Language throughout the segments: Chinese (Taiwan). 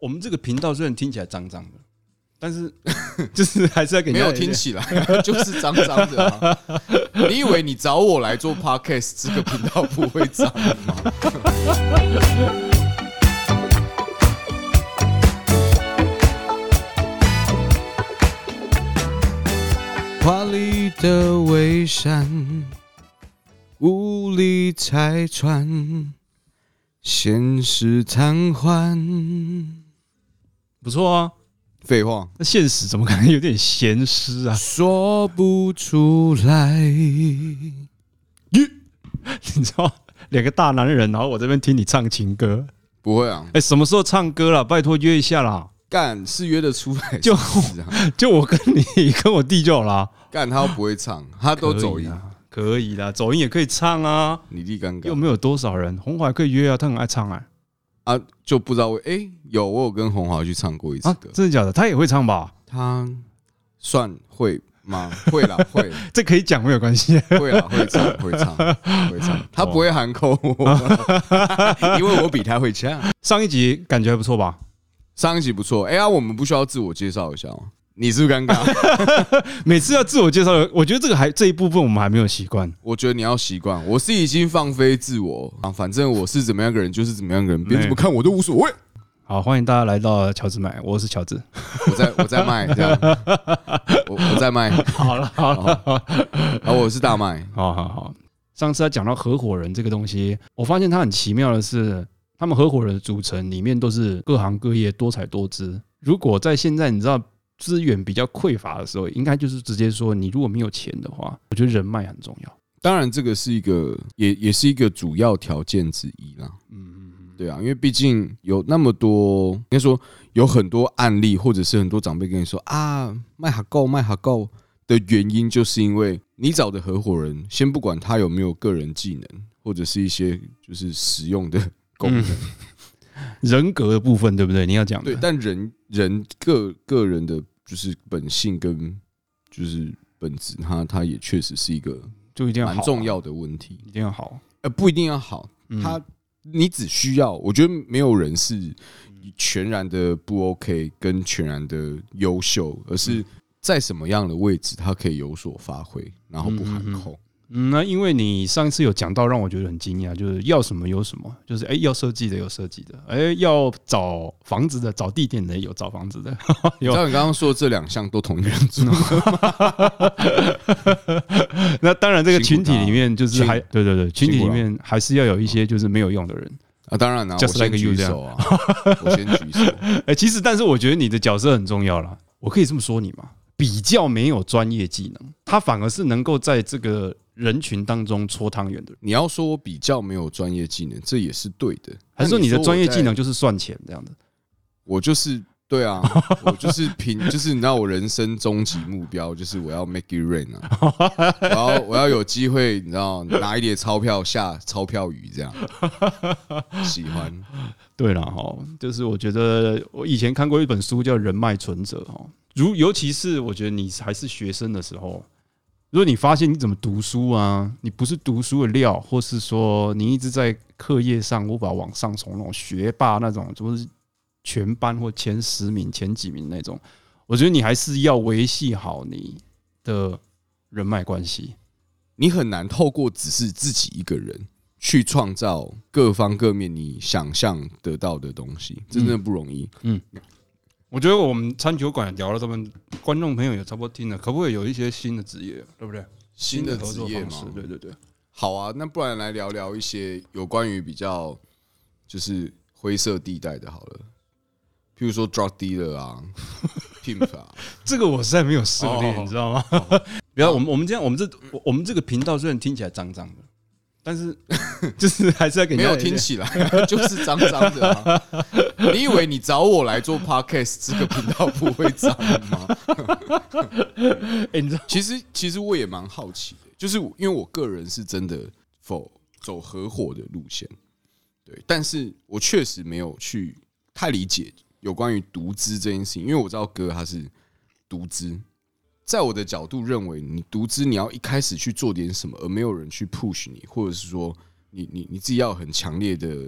我們這個頻道雖然聽起來髒髒的，但是 就是還是要給你。沒有聽起來 就是髒髒的啊。你以為你找我來做 podcast 這個頻道不會髒 的嗎？華麗的偽善，無力拆穿，現實癱瘓。不錯啊，廢話。那現實怎麼可能有點鹹濕啊？說不出來。你你知道，兩個大男人，然後我這邊聽你唱情歌，不會啊？哎，什麼時候唱歌啦？拜託約一下啦。幹是約得出來，就就我跟你跟我弟就好啦。幹他不會唱，他都走音，可以啦，走音也可以唱啊。你弟尷尬，又沒有多少人，紅懷可以約啊，他很愛唱啊、欸。啊，就不知道為，誒，有我有跟洪華去唱過一次歌，真的假的？他也會唱吧？他算會嗎？會啦會，這可以講沒有關係。會啦會唱，會唱，會唱。他不會喊口，因為我比他會唱。上一集感覺還不錯吧？上一集不錯。哎呀，我們不需要自我介紹一下嗎？你是不是尷尬？ 每次要自我介紹的，我覺得這個還這一部分我們還沒有習慣。我覺得你要習慣，我是已經放飛自我啊，反正我是怎麼樣個人就是怎麼樣個人，別人怎麼看我都無所謂。好，歡迎大家來到喬治買，我是喬治， 我在我在賣，我我在賣。好了好了，好了，好好好，我是大賣。好好好，上次他講到合夥人這個東西，我發現他很奇妙的是，他們合夥人的組成裡面都是各行各業、多彩多姿。如果在現在，你知道。資源比較匱乏的時候，應該就是直接說，你如果沒有錢的話，我覺得人脈很重要。當然，這個是一個也也是一個主要條件之一啦。嗯嗯嗯，對啊，因為畢竟有那麼多，應該說有很多案例，或者是很多長輩跟你說啊，賣哈夠，賣哈夠的原因，就是因為你找的合夥人，先不管他有沒有個人技能，或者是一些就是實用的功能。嗯 人格的部分對不對？你要講的對，但人人個個人的，就是本性跟就是本質，他他也確實是一個，就一定要蠻重要的問題，一定要好啊，一定要好啊，呃，不一定要好，他、嗯、你只需要，我覺得沒有人是全然的不 OK 跟全然的優秀，而是在什麼樣的位置，他可以有所發揮，然後不含糊。嗯嗯、啊，那因為你上一次有講到，讓我覺得很驚訝，就是要什麼有什麼，就是哎、欸，要設計的有設計的，哎、欸，要找房子的找地點的有找房子的。呵呵，有你知道你剛剛說的這兩項都同一個人做嗎？ 那當然，這個群體裡面就是還對對對，群體裡面還是要有一些就是沒有用的人啊，當然了、啊，就是、個，我先舉手啊，我先舉手、欸。其實但是我覺得你的角色很重要啦，我可以這麼說你嗎？比較沒有專業技能，他反而是能夠在這個，人群當中搓湯圓的，你要說我比較沒有專業技能，這也是對的。還是說你的專業技能就是算錢這樣子？我，我就是對啊，我就是憑 就是你知道，我人生終極目標就是我要 make it rain 啊，然 後我，我要有機會，你知道拿一點鈔票下鈔票雨這樣。喜歡。 對了哈，就是我覺得我以前看過一本書叫人脈《人脈存折》哈，如尤其是我覺得你還是學生的時候，如果你發現你怎麼讀書啊，你不是讀書的料，或是說你一直在課業上無法往上衝，那種學霸那種，就是全班或前十名前幾名那種，我覺得你還是要維繫好你的人脈關係。你很難透過只是自己一個人去創造各方各面你想象得到的東西，真的不容易。嗯，嗯。我覺得我們餐酒館聊了，他們觀眾朋友也差不多聽了，可不可以有一些新的職業，對不對？新的職業嘛對，對對對。好啊，那不然來聊聊一些有關於比較就是灰色地帶的，好了，譬如說 drug dealer 啊 ，pimp 啊， 這個我實在沒有涉獵，oh, 你知道嗎？不、oh, 要、oh, 啊，我們我們這樣，我們這、嗯、我們這個頻道雖然聽起來髒髒的。但是， 就是還是要給沒有聽起來就是髒髒的啊。你以為你找我來做 Podcast 這個頻道不會髒嗎？ 其實其實我也蠻好奇的，就是因為我個人是真的否走合夥的路線，對，但是我確實沒有去太理解有關於獨資這件事情，因為我知道哥他是獨資。在我的角度認為，你獨資，你要一開始去做點什麼，而沒有人去 push 你，或者是說，你你你自己要很強烈的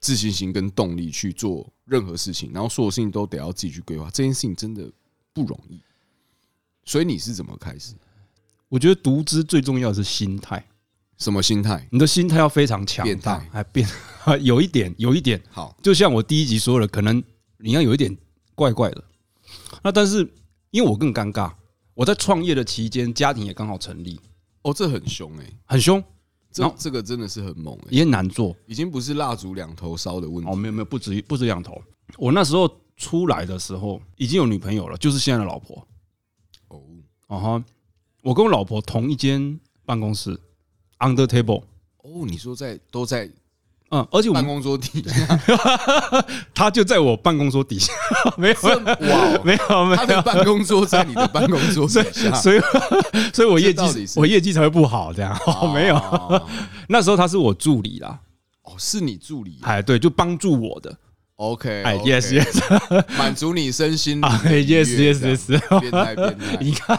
自信心跟動力去做任何事情，然後所有事情都得要自己去規劃，這件事情真的不容易。所以你是怎麼開始？我覺得獨資最重要的是心態，什麼心態？你的心態要非常強，變態還變，有一點，有一點好，就像我第一集說的，可能你要有一點怪怪的。那但是因為我更尷尬。我在創業的期間，家庭也剛好成立。哦，這很凶哎，很凶。然這個真的是很猛哎，也難做，已經不是蠟燭兩頭燒的問題。哦，沒有沒有，不止不止兩頭。我那時候出來的時候已經有女朋友了，就是現在的老婆。哦，哦，哈，我跟我老婆同一間辦公室，under table。哦，你說在都在。嗯，而且我們辦公桌底下， 他就在我辦公桌底下，沒有哇，沒有沒有，沒有，他的辦公桌在你的辦公桌底下，所以，所以所以我業績我業績才會不好這樣，啊，啊、沒有，那時候他是我助理啦，哦，是你助理，哎，對，就幫助我的，OK，哎、okay,，Yes Yes，滿足你身心 okay,，Yes Yes Yes，變態變態，你看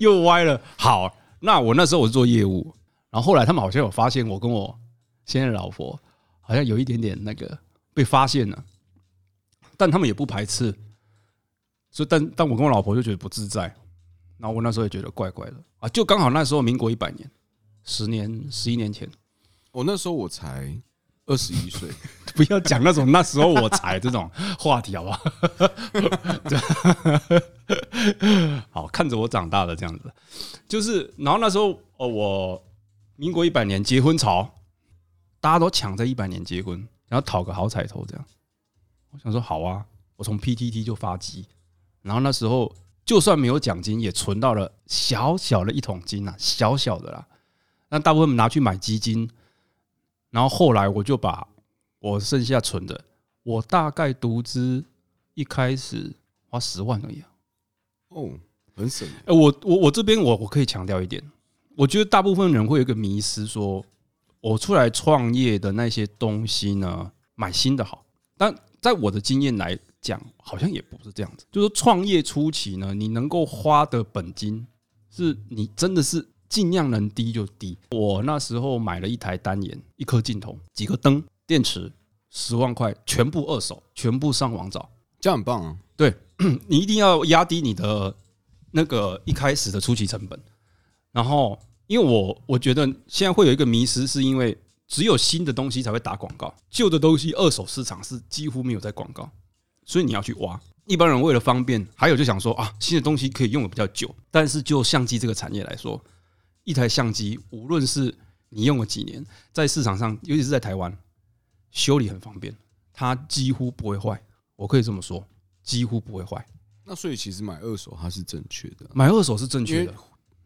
又歪了，好，那我那時候我是做業務，然後後來他們好像有發現我跟我現任老婆。好像有一點點那個被發現了，但他們也不排斥，所以但但我跟我老婆就覺得不自在，然後我那時候也覺得怪怪的啊，就剛好那時候民國一百年，十年十一年前，我那時候我才二十一歲，不要講那種那時候我才這種話題好不好？好看着我長大的這樣子，就是然後那時候呃我民國一百年結婚潮。大家都搶在一百年結婚，然後討個好彩頭，這樣。我想說，好啊，我從 PTT 就發跡，然後那時候就算沒有獎金，也存到了小小的一桶金啊，小小的啦。那大部分拿去買基金，然後後來我就把我剩下存的，我大概獨資一開始花十萬而已。哦，很省。我我我這邊我我可以強調一點，我覺得大部分人會有一個迷思說。我出來創業的那些東西呢，買新的好，但在我的經驗來講，好像也不是這樣子。就是創業初期呢，你能夠花的本金，是你真的是盡量能低就低。我那時候買了一台單眼，一顆鏡頭，幾個燈，電池，十萬塊，全部二手，全部上網找，這樣很棒啊！對，你一定要壓低你的那個一開始的初期成本，然後。因為我我覺得現在會有一個迷思，是因為只有新的東西才會打廣告，舊的東西二手市場是幾乎沒有在廣告，所以你要去挖。一般人為了方便，還有就想說啊，新的東西可以用的比較久。但是就相機這個產業來說，一台相機無論是你用了幾年，在市場上，尤其是在台灣修理很方便，它幾乎不會壞。我可以這麼說，幾乎不會壞。那所以其實買二手它是正確的，買二手是正確的。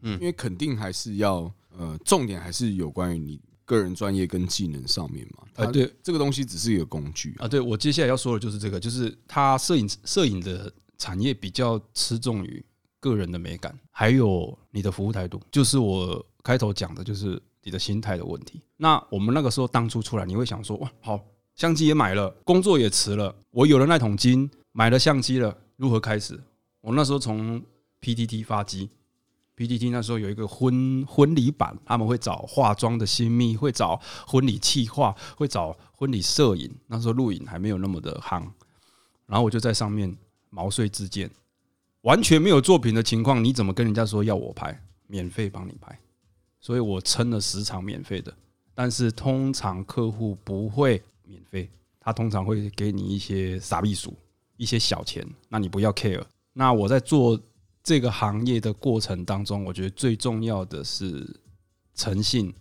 嗯，因為肯定還是要，呃，重點還是有關於你個人專業跟技能上面嘛。啊，對，這個東西只是一個工具啊，啊。對我接下來要說的就是這個，就是它攝影攝影的產業比較吃重於個人的美感，還有你的服務態度，就是我開頭講的就是你的心態的問題。那我們那個時候當初出來，你會想說，哇，好，相機也買了，工作也辭了，我有了那桶金，買了相機了，如何開始？我那時候從 PTT 發跡。PTT 那時候有一個婚婚禮版，他們會找化妝的新秘，會找婚禮企劃，會找婚禮攝影。那時候錄影還沒有那麼的夯，然後我就在上面毛遂自薦，完全沒有作品的情況，你怎麼跟人家說要我拍，免費幫你拍，所以我撐了十場免費的，但是通常客戶不會免費，他通常會給你一些傻幣數，一些小錢，那你不要 care。那我在做，這個行業的過程當中，我覺得最重要的是誠信、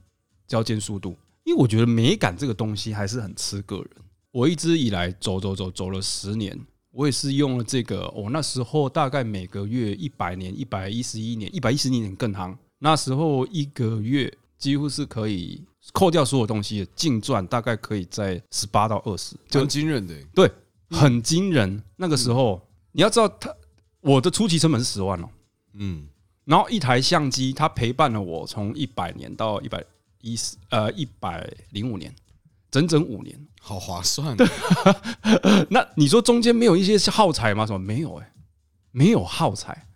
交件速度。因為我覺得美感這個東西還是很吃個人。我一直以來走走走走了十年，我也是用了這個。我、哦、那時候大概每個月一百年、一百一十一年、一百一十一年更行。那時候一個月幾乎是可以扣掉所有東西的，淨賺大概可以在十八到二十，很驚人的。對，很驚人。嗯、那個時候、嗯、你要知道他。我的初期成本是十萬哦、喔，嗯，然後一台相機，它陪伴了我從一百年到一百一十呃一百零五年，整整五年，好划算。 那你說中間沒有一些耗材嗎？什麼沒有、欸？哎，沒有耗材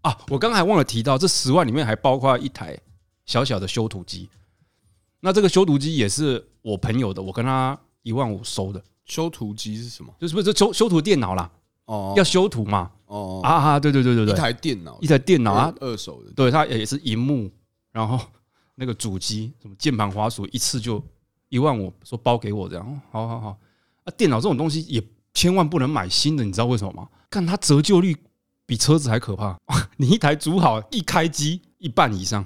啊！我剛才忘了提到，這十萬裡面還包括一台小小的修圖機。那這個修圖機也是我朋友的，我跟他一萬五收的。修圖機是什麼？就是不是修修圖電腦啦？哦，要修圖嘛？.哦、oh, 啊哈對對對對對，對，一對，一台電腦一台電腦啊，二手的對，對它也是螢幕，然後那個主機什麼鍵盤滑鼠一次就一萬我，我說包給我這樣，好好好啊，啊電腦這種東西也千萬不能買新的，你知道為什麼嗎？看它折舊率比車子還可怕，啊，你一台組好一開機一半以上，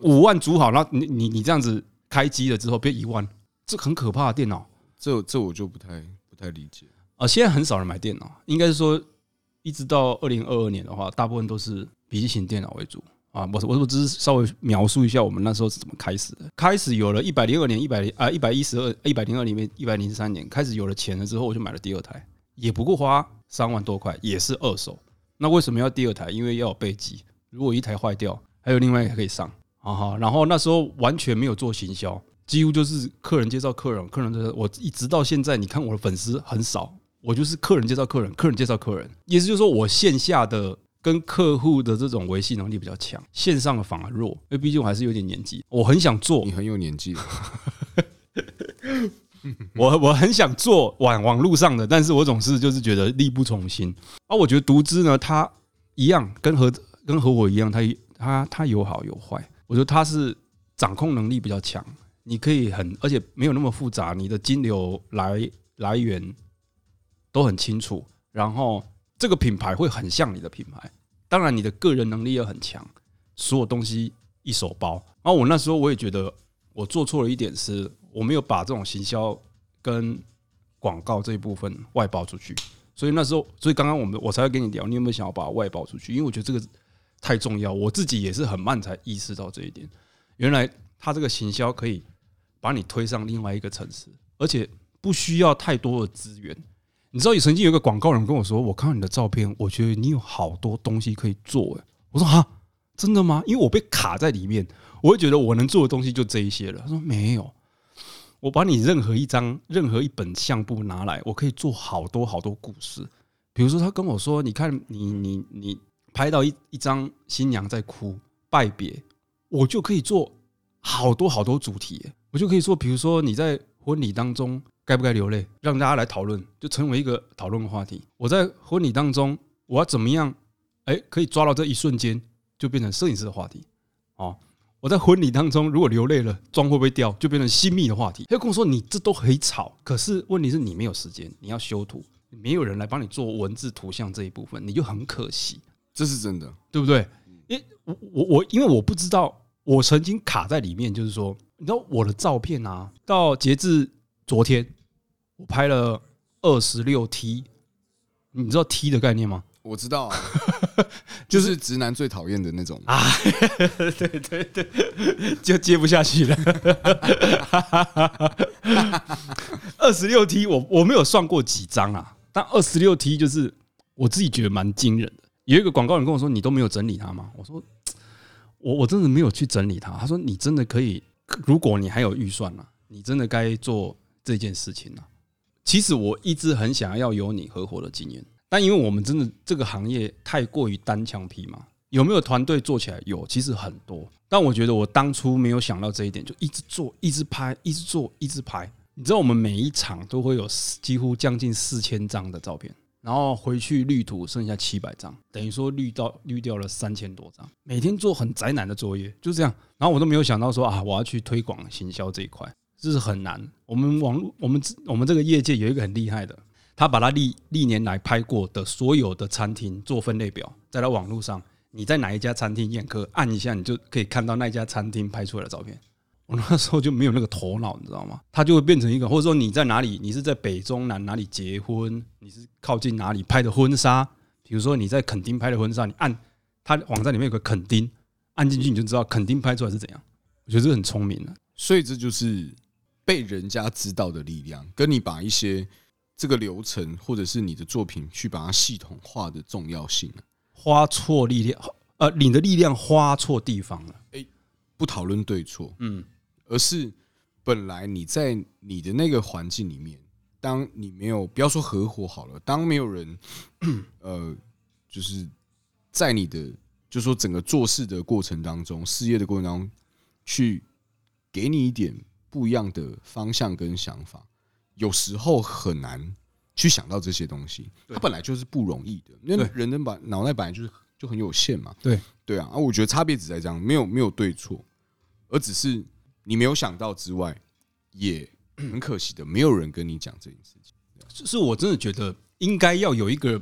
五萬組好，然後你你你這樣子開機了之後變一萬，這很可怕的電腦，啊，電腦這這我就不太不太理解啊，啊，現在很少人買電腦，應該是說。一直到二零二二年的話，大部分都是筆記型電腦為主啊。我我我只是稍微描述一下我們那時候是怎麼開始的開始100、啊 112, 120。開始有了一百零二年，一百零啊一百一十二，一百零二裡面一百零三年開始有了錢了之後，我就買了第二台，也不過花三萬多塊，也是二手。那為什麼要第二台？因為要有備機，如果一台壞掉，還有另外一個可以上啊。然後那時候完全沒有做行銷，幾乎就是客人介紹客人，客人就是我一直到現在，你看我的粉絲很少。我就是客人介紹客人，客人介紹客人，意思就是說我線下的跟客戶的這種維繫能力比較強，線上的反而弱，因為畢竟我還是有點年紀。我很想做，你很有年紀，我我很想做網網絡上的，但是我總是就是覺得力不從心，啊。而我覺得獨資呢，它一樣跟合夥跟合夥一樣，它它它有好有壞。我覺得它是掌控能力比較強，你可以很，而且沒有那麼複雜，你的金流來來源。都很清楚，然後這個品牌會很像你的品牌，當然你的個人能力也很強，所有東西一手包。然後我那時候我也覺得我做錯了一點，是我沒有把這種行銷跟廣告這一部分外包出去。所以那時候，所以剛剛我們我才會跟你聊，你有沒有想要把它外包出去？因為我覺得這個太重要，我自己也是很慢才意識到這一點。原來他這個行銷可以把你推上另外一個層次，而且不需要太多的資源。你知道，你曾經有一個廣告人跟我說：“我看到你的照片，我覺得你有好多東西可以做。”哎，我說：“蛤，真的嗎？”因為我被卡在裡面，我會覺得我能做的東西就這一些了。他說：“沒有，我把你任何一張、任何一本相簿拿來，我可以做好多好多故事。比如說，他跟我說：‘你看，你你你拍到一一張新娘在哭拜別，我就可以做好多好多主題。’我就可以說：‘比如說你在婚禮當中。”該不該流淚？讓大家來討論，就成為一個討論的話題。我在婚禮當中，我要怎麼樣？哎，可以抓到這一瞬間，就變成攝影師的話題。哦，我在婚禮當中，如果流淚了，妝會不會掉？就變成新秘的話題。要跟我說，你這都很吵，可是問題是，你沒有時間，你要修圖，沒有人來幫你做文字、圖像這一部分，你就很可惜。這是真的，對不對？嗯、因為我我我，因為我不知道，我曾經卡在裡面，就是說，你知道我的照片啊，到截至昨天。我拍了二十六 T，你知道 T 的概念嗎？我知道啊，就是直男最討厭的那種啊！對對對，就接不下去了。二十六 T，我我沒有算過幾張啊，但二十六 T 就是我自己覺得蠻驚人的。有一個廣告人跟我說：“你都沒有整理它嗎？”我說：“我我真的沒有去整理它。”他說：“你真的可以，如果你還有預算呢、啊，你真的該做這件事情了。”其實我一直很想要有你合夥的經驗，但因為我們真的這個行業太過於單槍匹馬，有沒有團隊做起來？有，其實很多。但我覺得我當初沒有想到這一點，就一直做，一直拍，一直做，一直拍。你知道我們每一場都會有幾乎將近四千張的照片，然後回去濾圖剩下七百張，等於說濾到濾掉了三千多張。每天做很宅男的作業，就這樣。然後我都沒有想到說啊，我要去推廣行銷這一塊。這、就是很難。我們網絡，我們我們這個業界有一個很厲害的，他把他歷歷年來拍過的所有的餐廳做分類表，在他網絡上，你在哪一家餐廳宴客，按一下你就可以看到那一家餐廳拍出來的照片。我那時候就沒有那個頭腦，你知道嗎？他就會變成一個，或者說你在哪裡，你是在北中南哪裡結婚，你是靠近哪裡拍的婚紗？比如說你在墾丁拍的婚紗，你按他網站裡面有個墾丁，按進去你就知道墾丁拍出來是怎樣。我覺得這個很聰明的，所以這就是。被人家知道的力量，跟你把一些這個流程，或者是你的作品，去把它系統化的重要性。花錯力量，呃，你的力量花錯地方了。誒，不討論對錯，嗯，而是本來你在你的那個環境裡面，當你沒有不要說合夥好了，當沒有人，呃，就是在你的，就說整個做事的過程當中，事業的過程當中，去給你一點。不一樣的方向跟想法，有時候很難去想到這些東西。它本來就是不容易的，因為人的把腦袋本來就是就很有限嘛。對對啊，啊，我覺得差別只在這樣，沒有沒有對錯，而只是你沒有想到之外，也很可惜的，沒有人跟你講這件事情。啊、就是我真的覺得應該要有一個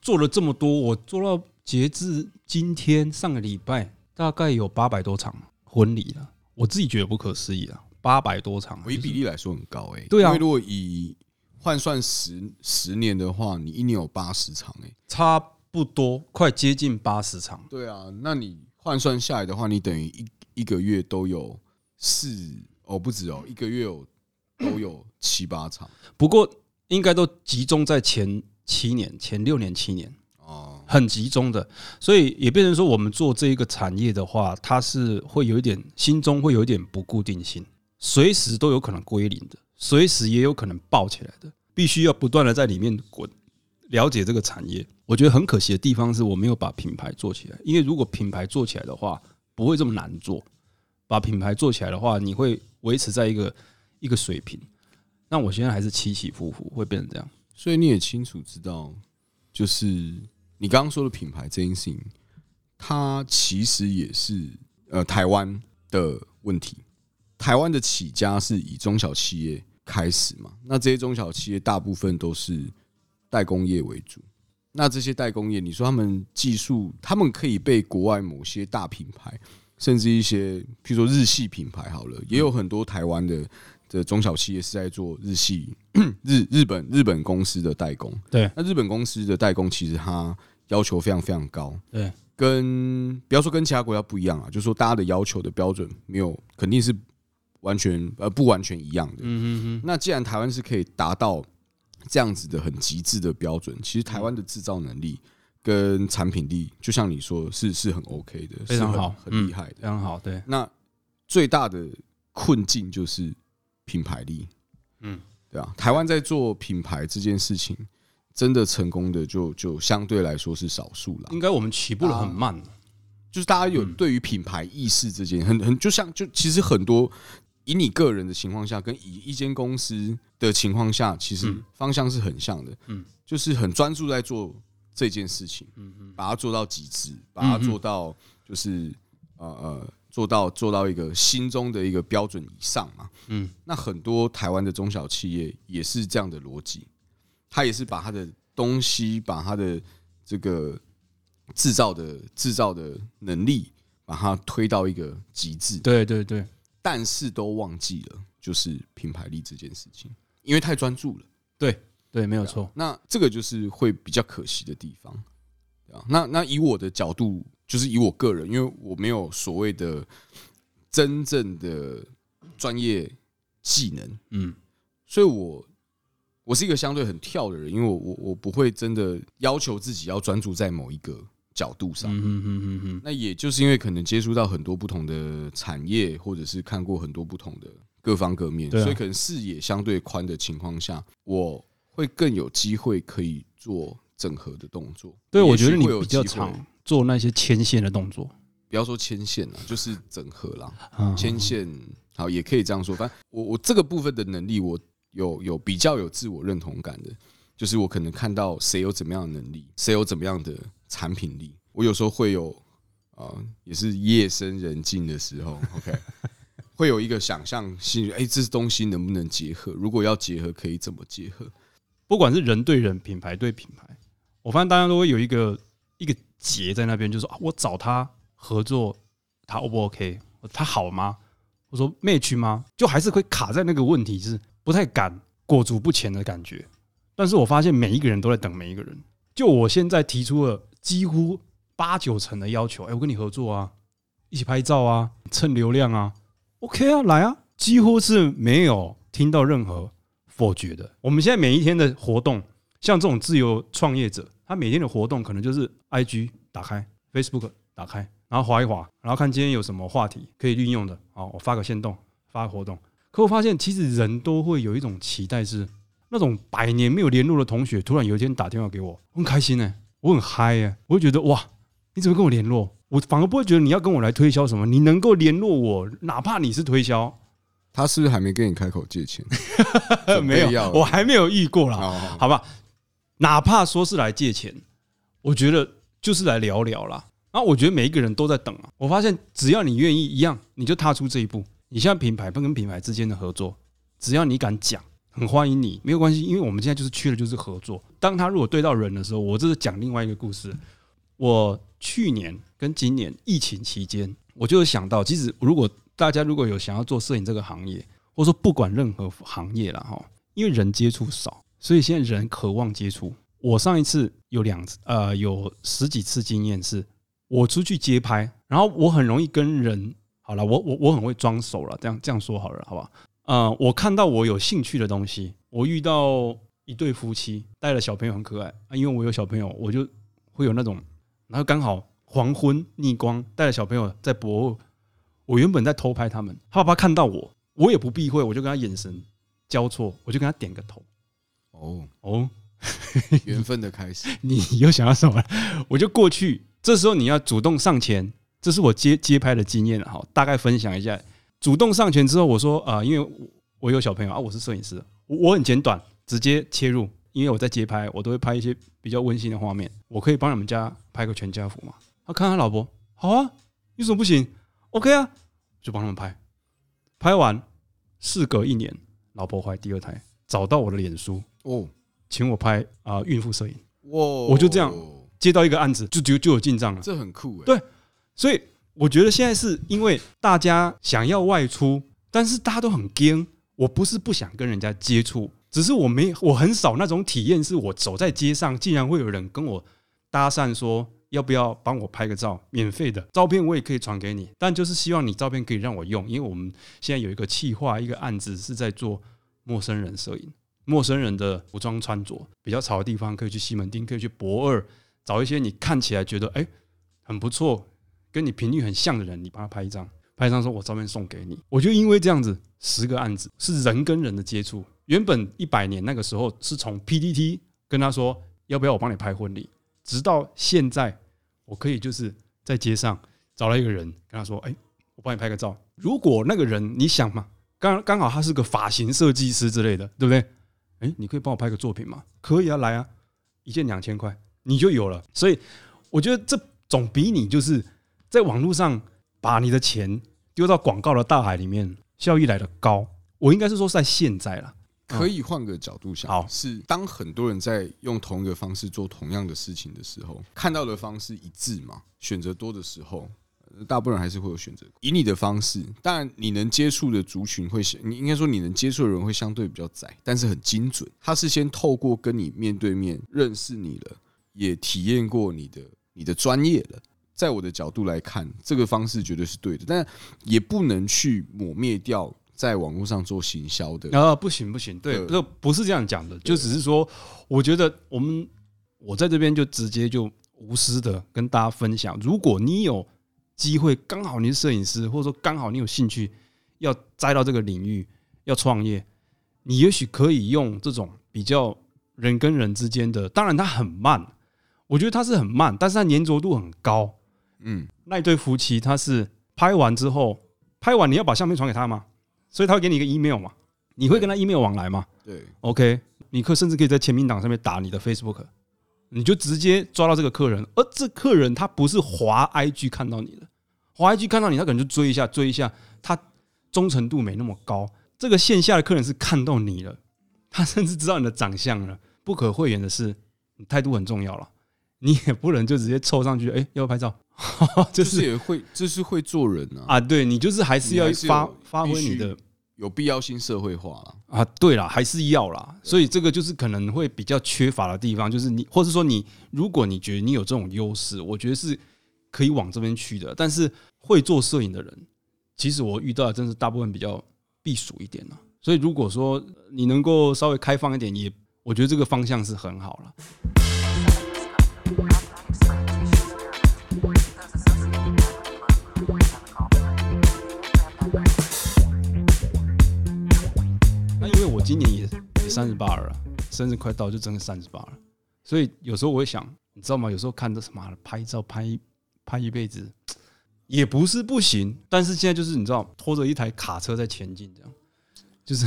做了這麼多，我做到截至今天上個禮拜大概有八百多場婚禮了，我自己覺得不可思議啊。八百多場，以比例來說很高誒、欸。對啊，因為如果以換算十十年的話，你一年有八十場誒、欸，差不多快接近八十場。對啊，那你換算下來的話，你等於一一,一個月都有四哦，不止哦，一個月有都有七八場。不過應該都集中在前七年、前六年、七年哦，很集中的。所以也變成說，我們做這一個產業的話，它是會有一點心中會有一點不固定性。隨時都有可能歸零的，隨時也有可能爆起來的，必須要不斷的在裡面滾，了解這個產業。我覺得很可惜的地方是，我沒有把品牌做起來。因為如果品牌做起來的話，不會這麼難做。把品牌做起來的話，你會維持在一個一個水平。那我現在還是起起伏伏，會變成這樣。所以你也清楚知道，就是你剛剛說的品牌這件事情，它其實也是呃台灣的問題。台灣的起家是以中小企業開始嘛？那這些中小企業大部分都是代工業為主。那這些代工業，你說他們技術，他們可以被國外某些大品牌，甚至一些，譬如說日系品牌，好了，也有很多台灣的的中小企業是在做日系日日本日本公司的代工。對，那日本公司的代工，其實它要求非常非常高。對，跟不要說跟其他國家不一樣啊，就是說大家的要求的標準沒有，肯定是。完全呃不完全一樣的。嗯嗯嗯。那既然台灣是可以達到這樣子的很極致的標準，其實台灣的制造能力跟產品力，就像你說的是是很 OK 的，非常好，很厲害的。嗯、非常好。對，那最大的困境就是品牌力，嗯，對啊。台灣在做品牌這件事情，真的成功的就就相對來說是少數了。應該我們起步的很慢，啊啊，就是大家有對於品牌意識這件很很，就像就其實很多。以你個人的情況下，跟以一間公司的情況下，其實方向是很像的。嗯，就是很專注在做這件事情，嗯嗯，把它做到極致，把它做到就是呃呃做到做到一個心中的一個標準以上嘛。嗯，那很多台灣的中小企業也是這樣的邏輯，他也是把他的東西，把他的這個制造的製造的能力，把它推到一個極致。對對對。但是都忘記了，就是品牌力這件事情，因為太專注了。對，對，沒有錯。那這個就是會比較可惜的地方。啊，那那以我的角度，就是以我個人，因為我沒有所謂的真正的專業技能。嗯，所以我我是一個相對很跳的人，因為我我我不會真的要求自己要專注在某一個。角度上，嗯嗯嗯嗯，那也就是因為可能接觸到很多不同的產業，或者是看過很多不同的各方各面，所以可能視野相對寬的情況下，我會更有機會可以做整合的動作。對，我覺得你比較常做那些牽線的動作、啊，嗯嗯、不要說牽線了，就是整合啦、嗯。牽線好，也可以這樣說。反正我我這個部分的能力，我有有比較有自我認同感的。就是我可能看到誰有怎麼樣的能力，誰有怎麼樣的產品力，我有時候會有啊、呃，也是夜深人靜的時候 ，OK，會有一個想像力，哎，這東西能不能結合？如果要結合，可以怎麼結合？不管是人對人，品牌對品牌，我發現大家都會有一個一個結在那邊，就是我找他合作，他 O 不 OK？他好嗎？我說 match 嗎？就還是會卡在那個問題，就是不太敢裹足不前的感覺。但是我發現每一個人都在等每一個人。就我現在提出了幾乎八九成的要求，哎，我跟你合作啊，一起拍照啊，蹭流量啊，OK 啊，來啊，幾乎是沒有聽到任何否決的。我們現在每一天的活動，像這種自由創業者，他每天的活動可能就是 IG 打開，Facebook 打開，然後滑一滑，然後看今天有什麼話題可以運用的。好，我發個限動，發個活動。可我發現，其實人都會有一種期待是，那種百年沒有聯絡的同學，突然有一天打電話給我，很開心呢，欸，我很嗨呀，我就覺得哇，你怎麼跟我聯絡？我反而不會覺得你要跟我來推銷什麼，你能夠聯絡我，哪怕你是推銷，他是不是還沒跟你開口借錢？ 沒有，我還沒有遇過啦，好吧，哪怕說是來借錢，我覺得就是來聊聊啦。那我覺得每一個人都在等啊，我發現只要你願意一樣，你就踏出這一步。你像品牌跟品牌之間的合作，只要你敢講。很歡迎你，沒有關係，因為我們現在就是缺的就是合作。當他如果對到人的時候，我這是講另外一個故事。我去年跟今年疫情期間，我就想到，其實如果大家如果有想要做攝影這個行業，或者說不管任何行業了哈，因為人接觸少，所以現在人渴望接觸。我上一次有兩次，呃，有十幾次經驗是，我出去街拍，然後我很容易跟人好了，我我我很會裝熟了，這樣這樣說好了，好吧？啊、呃，我看到我有興趣的東西。我遇到一對夫妻，帶了小朋友，很可愛啊。因為我有小朋友，我就會有那種。然後剛好黃昏逆光，帶着小朋友在博物。我原本在偷拍他們，他爸爸看到我，我也不避諱，我就跟他眼神交錯，我就跟他點個頭哦。哦哦，緣分的開始 你。你又想要什麼？ 我就過去。這時候你要主動上前，這是我接接拍的經驗。好，大概分享一下。主動上前之後，我說啊、呃，因為我，我有小朋友啊，我是攝影師我，我很簡短，直接切入，因為我在街拍，我都會拍一些比較溫馨的畫面，我可以幫你們家拍個全家福嗎？他、啊、看他老婆，好啊，有什麼不行？OK 啊，就幫他們拍，拍完，事隔一年，老婆懷第二胎，找到我的臉書哦，oh. 請我拍啊、呃、孕婦攝影，oh. 我就這樣接到一個案子，就就就有進賬了，這很酷哎、欸，對，所以。我覺得現在是因為大家想要外出，但是大家都很驚。我不是不想跟人家接觸，只是我沒我很少那種體驗，是我走在街上，竟然會有人跟我搭訕，說要不要幫我拍個照，免費的，照片我也可以傳給你，但就是希望你照片可以讓我用，因為我們現在有一個企劃，一個案子是在做陌生人攝影，陌生人的服裝穿着比較潮的地方，可以去西門町，可以去博二，找一些你看起來覺得哎、欸、很不錯。跟你頻率很像的人，你幫他拍一張，拍一張，說我照片送給你。我就因為這樣子，十個案子是人跟人的接觸。原本一百年那個時候是從 PTT 跟他說要不要我幫你拍婚禮，直到現在，我可以就是在街上找了一個人跟他說，哎，我幫你拍個照。如果那個人你想嘛，剛剛好他是個髮型設計師之類的，對不對？哎，你可以幫我拍個作品嘛？可以啊，來啊，一件兩千塊，你就有了。所以我覺得這總比你就是。在網絡上把你的錢丟到廣告的大海裡面，效益來得高。我應該是說在現在啦、嗯，可以換個角度想，好是當很多人在用同一個方式做同樣的事情的時候，看到的方式一致嘛？選擇多的時候，大部分人還是會有選擇。以你的方式，當然你能接觸的族群會，你應該說你能接觸的人會相對比較窄，但是很精準。他是先透過跟你面對面認識你了，也體驗過你的你的專業了。在我的角度來看，這個方式絕對是對的，但也不能去抹滅掉在網絡上做行銷的啊！不行，不行，對，這不是這樣講的，就只是說，我覺得我們我在這邊就直接就無私的跟大家分享，如果你有機會，剛好你是攝影師，或者說剛好你有興趣要栽到這個領域要創業，你也許可以用這種比較人跟人之間的，當然它很慢，我覺得它是很慢，但是它粘着度很高。嗯，那一對夫妻他是拍完之後，拍完你要把相片傳給他嗎？所以他會給你一個 email 嘛？你會跟他 email 往來嗎？對，OK，你可甚至可以在簽名檔上面打你的 Facebook，你就直接抓到這個客人。而這客人他不是滑 IG 看到你了，滑 IG 看到你，他可能就追一下，追一下，他忠誠度沒那麼高。這個線下的客人是看到你了，他甚至知道你的長相了。不可諱言的是，你態度很重要了，你也不能就直接湊上去，哎，要不要拍照？ 就是也會，就是會做人啊！啊，對你就是還是要發發揮你的有必要性社會化了啊！對啦，還是要啦。所以這個就是可能會比較缺乏的地方，就是你，或者說你，如果你覺得你有這種優勢，我覺得是可以往這邊去的。但是會做攝影的人，其實我遇到的真的是大部分比較避暑一點了。所以如果說你能夠稍微開放一點，也我覺得這個方向是很好了。三十八了，生日快到就真的三十八了。所以有時候我會想，你知道嗎？有時候看着什麼拍照拍拍一輩子也不是不行。但是現在就是你知道，拖着一台卡車在前進，這樣就是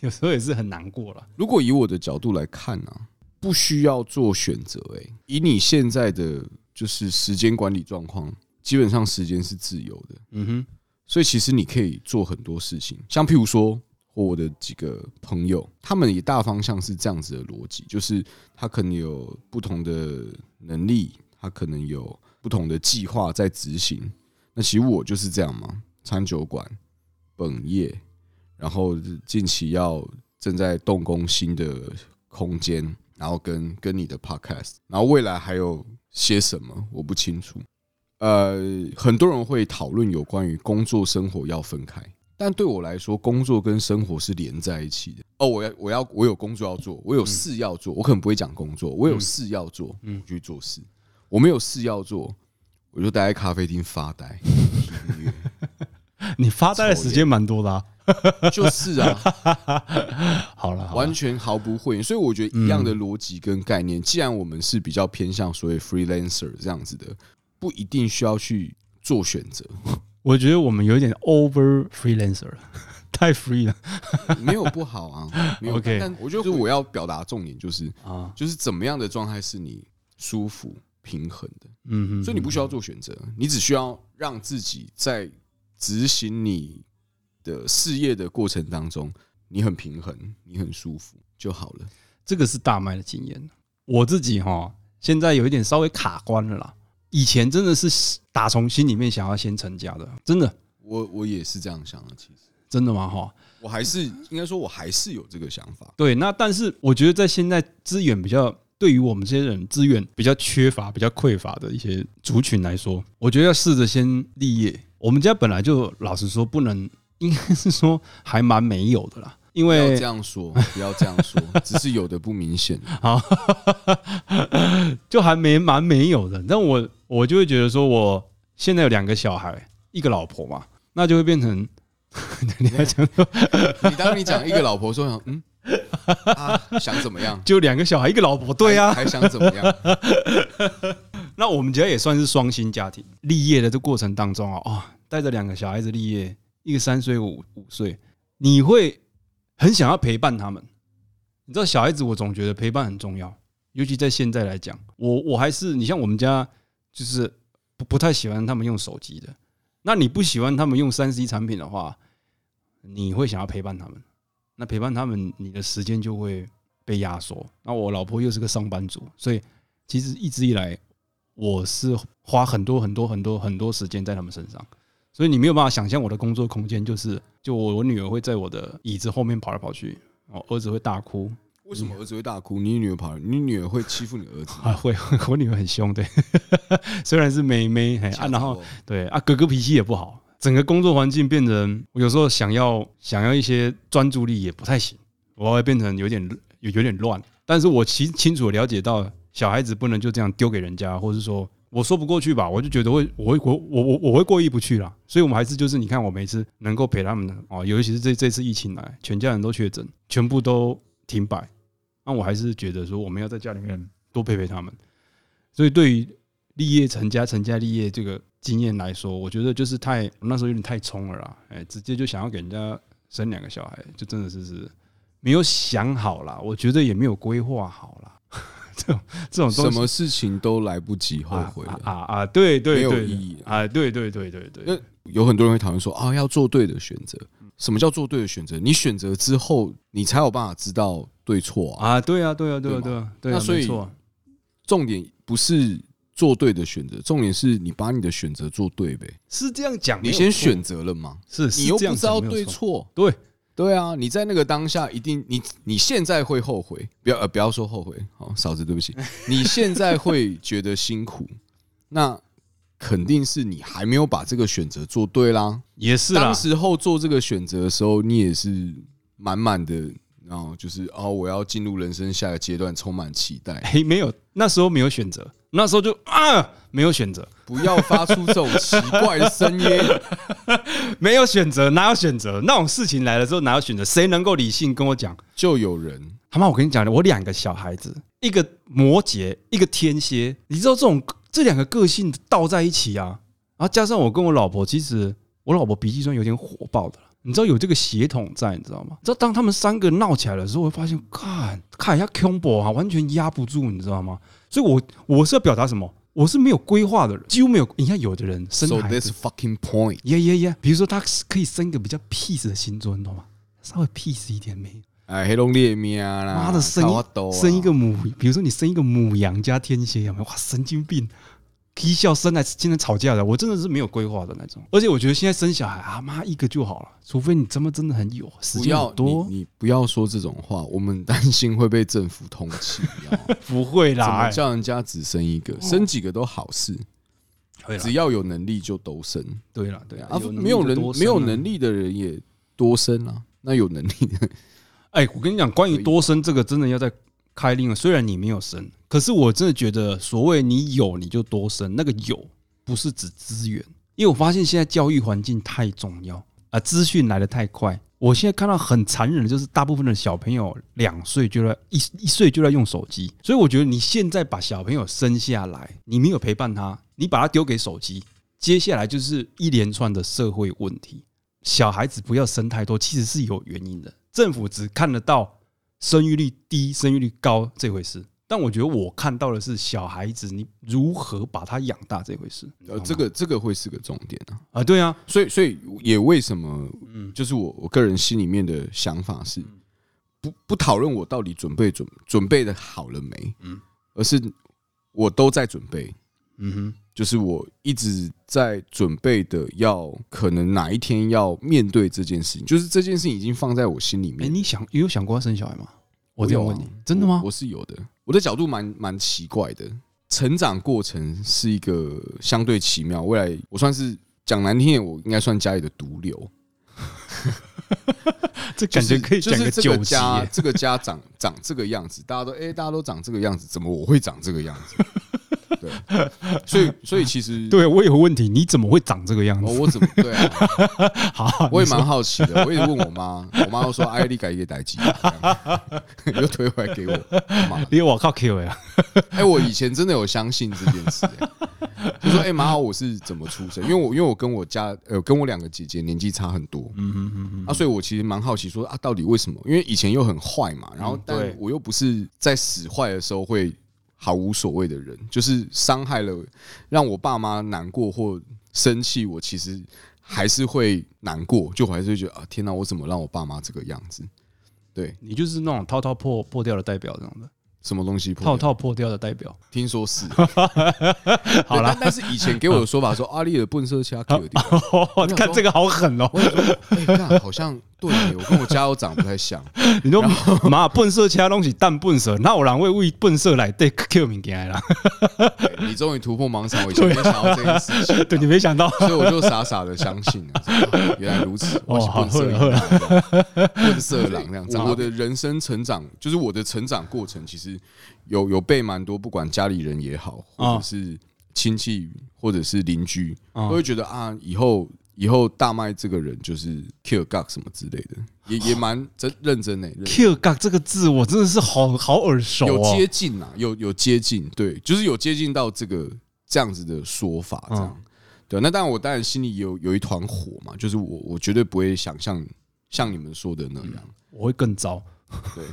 有時候也是很難過了。如果以我的角度來看呢，啊，不需要做選擇。哎，以你現在的就是時間管理狀況，基本上時間是自由的。嗯哼，所以其實你可以做很多事情，像譬如說。或我的幾個朋友，他們也大方向是這樣子的邏輯，就是他可能有不同的能力，他可能有不同的計劃在執行。那其實我就是這樣嘛，餐酒館、本業，然後近期要正在動工新的空間，然後跟跟你的 podcast，然後未來還有些什麼我不清楚。呃，很多人會討論有關於工作生活要分開。但對我來說，工作跟生活是連在一起的。哦，我要，我要，我有工作要做，我有事要做，嗯、我可能不會講工作，我有事要做，嗯，去做事。我沒有事要做，我就待在咖啡廳發呆。 因為 你發呆的時間蠻多的、啊， 就是啊。 好了，好啦 完全毫不會。所以我覺得一樣的邏輯跟概念、嗯，既然我們是比較偏向所謂 freelancer 這樣子的，不一定需要去做選擇。 我覺得我們有點 over freelancer 了太 free 了，沒有不好啊，沒有。 OK，但我覺得我要表達重點就是，啊、就是怎麼樣的狀態是你舒服、平衡的。嗯哼，所以你不需要做選擇，你只需要讓自己在執行你的事業的過程當中，你很平衡，你很舒服就好了。這個是大麥的經驗，我自己哈，現在有一點稍微卡關了啦。以前真的是打從心裡面想要先成家的，真的，真的，我我也是這樣想的，其實真的嗎？哈，我還是應該說，我還是有這個想法。對，那但是我覺得，在現在資源比較對於我們這些人資源比較缺乏，比較匱乏的一些族群來說，我覺得要試着先立業。我們家本來就老實說不能，應該是說還蠻沒有的啦。因為不要這樣說，不要這樣說，只是有的不明顯，就還沒蠻沒有的。但我。我就會覺得說，我現在有兩個小孩，一個老婆嘛，那就會變成。你要講，你當你講一個老婆，說想嗯，想怎麼樣？就兩個小孩，一個老婆，對呀，還想怎麼樣？那我們家也算是雙薪家庭。立業的這過程當中啊啊，帶着兩個小孩子立業，一個三歲，五五歲，你會很想要陪伴他們。你知道，小孩子我總覺得陪伴很重要，尤其在現在來講，我我還是你像我們家。就是不不太喜歡他們用手機的，那你不喜歡他們用 3C 產品的話，你會想要陪伴他們，那陪伴他們，你的時間就會被壓縮。那我老婆又是個上班族，所以其實一直以來，我是花很多很多很多很多時間在他們身上，所以你沒有辦法想象我的工作空間就是，就我我女兒會在我的椅子後面跑來跑去，哦，兒子會大哭。為什麼兒子會大哭？你女兒跑來，你女兒會欺負你兒子啊？會，我女兒很兇，對， 雖然是妹妹，嘿啊，然後對啊，哥哥脾氣也不好，整個工作環境變成，我有時候想要想要一些專注力也不太行，我會變成有點有點亂。但是我其清楚了解到，小孩子不能就這樣丟給人家，或者是說我說不過去吧，我就覺得會我會我我我會過意不去啦。所以我們還是就是你看，我每次能夠陪他們的、哦、尤其是這這次疫情來，全家人都確診，全部都停擺。但我還是覺得說我們要在家裡面多陪陪他們，所以對於立業成家、成家立業這個經驗來說，我覺得就是太那時候有點太衝了啦，哎、欸，直接就想要給人家生兩個小孩，就真的是是沒有想好啦，我覺得也沒有規劃好啦。這種這種什麼事情都來不及後悔了，啊啊，啊，啊！對對，沒有意義啊對！對對對對對，對對對，有很多人會討論說啊，要做對的選擇。什麼叫做對的選擇？你選擇之後，你才有辦法知道對錯啊！啊，對啊，對啊，對啊，對啊。對啊對啊對啊，那所以，重點不是做對的選擇，重點是你把你的選擇做對唄。是這樣講？你先選擇了嗎？是，是你又不知道對錯？對。對啊，你在那個當下一定，你你現在會後悔，不要呃不要說後悔，好嫂子對不起，你現在會覺得辛苦， 那肯定是你還沒有把這個選擇做對啦，也是啦，當時候做這個選擇的時候，你也是滿滿的。然後就是，哦，我要進入人生下一個階段，充滿期待。嘿、欸，沒有，那時候沒有選擇，那時候就啊，沒有選擇，不要發出這種奇怪的聲音。 沒有選擇，哪有選擇？那種事情來了之後，哪有選擇？誰能夠理性跟我講？就有人他媽、啊，我跟你講，我兩個小孩子，一個摩羯，一個天蠍，你知道這種這兩個個性倒在一起啊，然後加上我跟我老婆，其實我老婆脾氣算有點火爆的了。你知道有這個血統在，你知道嗎？你知道當他們三個鬧起來的時候，會發現，看，看一下 combo 啊，完全壓不住，你知道嗎？所以我，我我是要表達什麼？我是沒有規劃的人，幾乎沒有。你看，有的人生孩子 so this is fucking point，yeah yeah yeah, yeah。比如說，他可以生一個比較 peace 的星座，你知道嗎？稍微 peace 一點沒？哎，黑龍江的媽、啊、的生，生一，生一個母，比如說你生一個母羊加天蠍，有沒有？哇，神經病！低笑生還是經常吵架的，我真的是沒有規劃的那種。而且我覺得現在生小孩，他媽一個就好了，除非你真的真的很有時間多。你，你不要說這種話，我們擔心會被政府通緝、啊。 不會啦、欸，怎麼叫人家只生一個？生幾個都好事。只要有能力就多生。對啦，對啊，沒有人沒有能力的人也多生啊。那有能力的，哎，我跟你講，關於多生這個，真的要在。太令了，雖然你沒有生，可是我真的覺得，所謂你有你就多生，那個有不是指資源，因為我發現現在教育環境太重要啊，資訊來得太快。我現在看到很殘忍的就是，大部分的小朋友兩歲就要一一歲就要用手機，所以我覺得你現在把小朋友生下來，你沒有陪伴他，你把他丟給手機，接下來就是一連串的社會問題。小孩子不要生太多，其實是有原因的，政府只看得到，生育率低，生育率高這回事，但我覺得我看到的是小孩子你如何把他養大這回事。呃，這個這個會是個重點啊啊，對啊，所以所以也為什麼，嗯，就是我我個人心裡面的想法是不，不不討論我到底準備準準備的好了沒，嗯，而是我都在準備，嗯哼。就是我一直在準備的，要可能哪一天要面對這件事情。就是這件事情已經放在我心裡面。哎、欸，你想有想過要生小孩嗎？我，有嗎？我問你，真的嗎？我，我是有的。我的角度蠻蠻奇怪的。成長過程是一個相對奇妙。未來我算是講難聽點，我應該算家裡的毒瘤。 這感覺可以講、 就是就是、個，個九集這個家長長這個樣子，大家都哎、欸，大家都長這個樣子，怎麼我會長這個樣子？對，所以所以其實對我有個問題，你怎麼會長這個樣子？我怎麼對、啊？ 好，我也蠻好奇的，我也問我媽， 我媽都就說愛麗、 哎、改一個代機、啊， 又推回來給我，媽，因為我靠 Q 呀！哎、欸，我以前真的有相信這件事、欸， 就說哎，媽、欸，好，我是怎麼出生？因為我因為我跟我家呃跟我兩個姐姐年紀差很多，嗯嗯嗯嗯啊，所以我其實蠻好奇說啊，到底為什麼？因為以前又很壞嘛，然後但我又不是在使壞的時候會。毫無所謂的人，就是傷害了，讓我爸媽難過或生氣，我其實還是會難過，就我還是會覺得啊，天哪，我怎麼讓我爸媽這個樣子？對，你就是那種套套破破掉的代表，這種的什麼東西？套套破掉的代表，聽說是。好啦。但是以前給我的說法說阿麗的其他可以。你看這個好狠哦，看、欸、好像。對，我跟我家長不太像你都都。你都嘛，笨色其他東西，但笨色那我兩位為笨色來對 Q 名進來，你終於突破盲腸，我以前沒想到這個事情。對，你沒想到，所以我就傻傻的相信、啊啊，原來如此。我是色哦，好，笨 色狼，這樣。我的人生成長，就是我的成長過程，其實有有被蠻多，不管家裡人也好，或者是親戚，或者是鄰居、哦，都會覺得啊，以後。以後大麥這個人就是 kill g a k 什麼之類的，也也蠻真認真的 kill g a k 這個字，我真的是好好耳熟，有接近吶、啊，有有接近，對，就是有接近到這個這樣子的說法，這樣對。那當然，我當然心裡有有一團火嘛，就是我我絕對不會想像像你們說的那樣，我會更糟。對，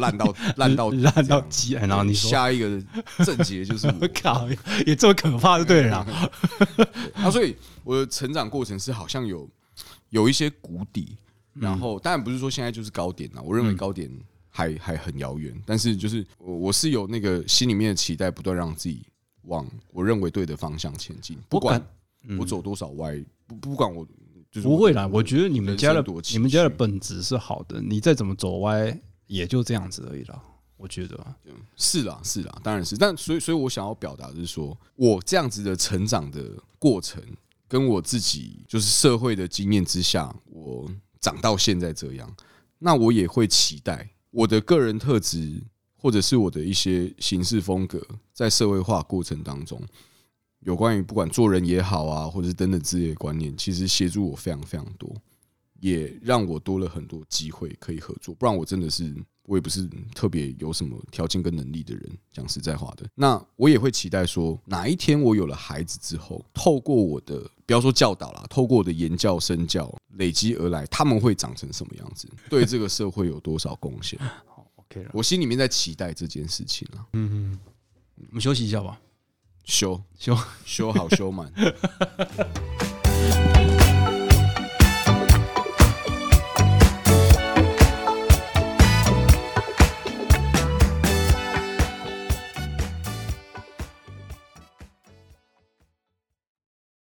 爛到爛到爛到極，然後你下一個症結就是我靠， 也這麼可怕，對啊。 對，然、啊、後，所以我的成長過程是好像有有一些谷底，然後當然不是說現在就是高點啦。我認為高點還、嗯、還很遙遠，但是就是我我是有那個心裡面的期待，不斷讓自己往我認為對的方向前進，不管我走多少歪，不、嗯、不，不管我，不會啦。我覺得你們家的你們家的本質是好的，你再怎麼走歪，也就這樣子而已啦，我覺得是，是啦，是啦，當然是，但所以，所以我想要表達的是，說我這樣子的成長的過程，跟我自己就是社會的經驗之下，我長到現在這樣，那我也會期待我的個人特質，或者是我的一些行事風格，在社會化過程當中，有關於不管做人也好啊，或者是等等之類的觀念，其實協助我非常非常多。也讓我多了很多機會可以合作，不然我真的是我也不是特別有什麼條件跟能力的人，講實在話的。那我也會期待說，哪一天我有了孩子之後，透過我的，不要說教導啦，透過我的言教身教累積而來，他們會長成什麼樣子？對這個社會有多少貢獻？好，OK，我心裡面在期待這件事情了。嗯，我們休息一下吧。休休休，休好休滿。